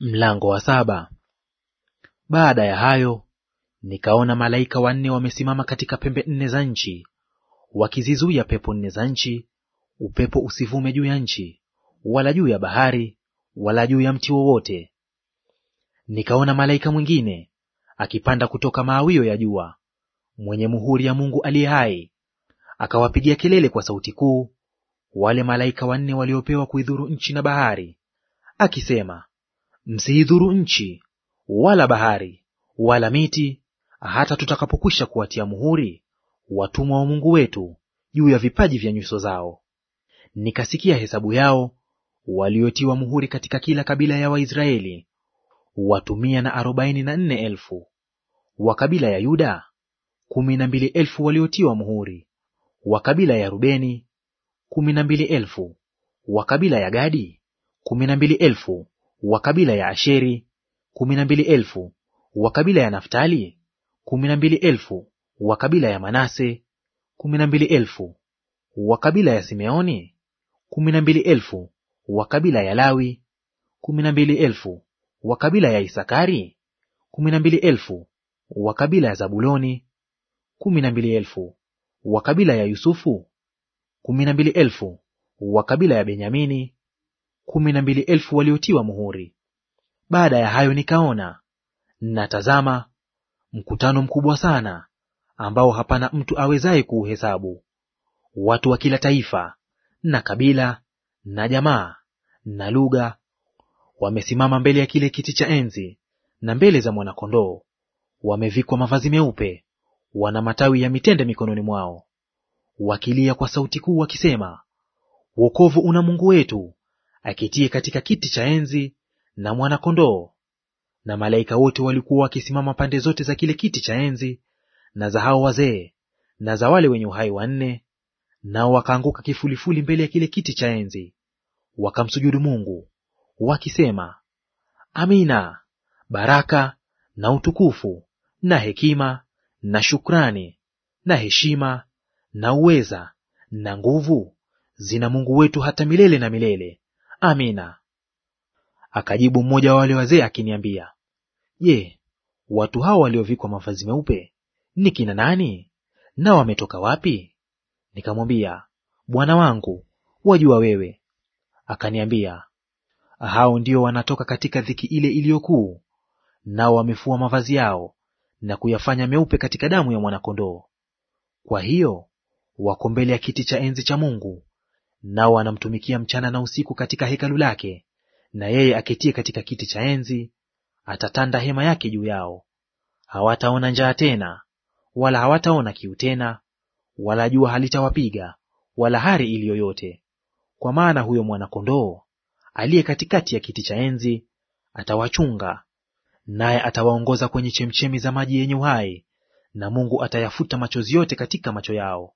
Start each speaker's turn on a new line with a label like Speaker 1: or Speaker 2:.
Speaker 1: Mlango wa saba. Baada ya hayo nikaona malaika wanne wamesimama katika pembe nne za nchi, wakizizuia pepo nne za nchi, upepo usivume juu ya nchi, wala juu ya bahari, wala juu ya mti wowote. Nikaona malaika mwingine akipanda kutoka maawio ya jua, mwenye muhuri ya Mungu aliye hai, akawapigia kelele kwa sauti kuu wale malaika wanne waliopewa kuidhuru nchi na bahari, akisema msiidhuru nchi wala bahari wala miti, hata tutakapokwisha kuwatia muhuri watumwa wa Mungu wetu juu ya vipaji vya nyuso zao. Nikasikia hesabu yao waliotiwa muhuri katika kila kabila ya Waisraeli, watu mia na arobaini na nne elfu. Wa kabila ya Yuda kumi na mbili elfu waliotiwa muhuri, wa kabila ya Rubeni kumi na mbili elfu, wa kabila ya Gadi kumi na mbili elfu wa kabila ya Asheri kumi na mbili elfu wa kabila ya Naftali kumi na mbili elfu wa kabila ya Manase kumi na mbili elfu wa kabila ya Simeoni kumi na mbili elfu wa kabila ya Lawi kumi na mbili elfu wa kabila ya Isakari kumi na mbili elfu wa kabila ya Zabuloni kumi na mbili elfu wa kabila ya Yusufu kumi na mbili elfu wa kabila ya Benyamini kumi na mbili elfu waliotiwa muhuri. Baada ya hayo nikaona, natazama, mkutano mkubwa sana, ambao hapana mtu awezaye kuuhesabu, watu wa kila taifa na kabila na jamaa na lugha, wamesimama mbele ya kile kiti cha enzi na mbele za Mwana-Kondoo. Wamevikwa mavazi meupe, wana matawi ya mitende mikononi mwao, wakilia kwa sauti kuu wakisema, Wokovu una Mungu wetu aketie katika kiti cha enzi na mwana-kondoo. Na malaika wote walikuwa wakisimama pande zote za kile kiti cha enzi na za hao wazee na za wale wenye uhai wanne, nao wakaanguka kifulifuli mbele ya kile kiti cha enzi, wakamsujudu Mungu wakisema, Amina. Baraka na utukufu na hekima na shukrani na heshima na uweza na nguvu zina Mungu wetu hata milele na milele. Amina. Akajibu mmoja wa wale wazee akiniambia, Je, watu hao waliovikwa mavazi meupe ni kina nani, nao wametoka wapi? Nikamwambia, Bwana wangu, wajua wewe. Akaniambia, hao ndio wanatoka katika dhiki ile iliyokuu, nao wamefua mavazi yao na kuyafanya meupe katika damu ya mwanakondoo. Kwa hiyo wako mbele ya kiti cha enzi cha Mungu nao wanamtumikia mchana na usiku katika hekalu lake, na yeye aketie katika kiti cha enzi atatanda hema yake juu yao. Hawataona njaa tena, wala hawataona kiu tena, wala jua halitawapiga, wala hari iliyoyote kwa maana huyo mwana-kondoo aliye katikati ya kiti cha enzi atawachunga, naye atawaongoza kwenye chemchemi za maji yenye uhai, na Mungu atayafuta machozi yote katika macho yao.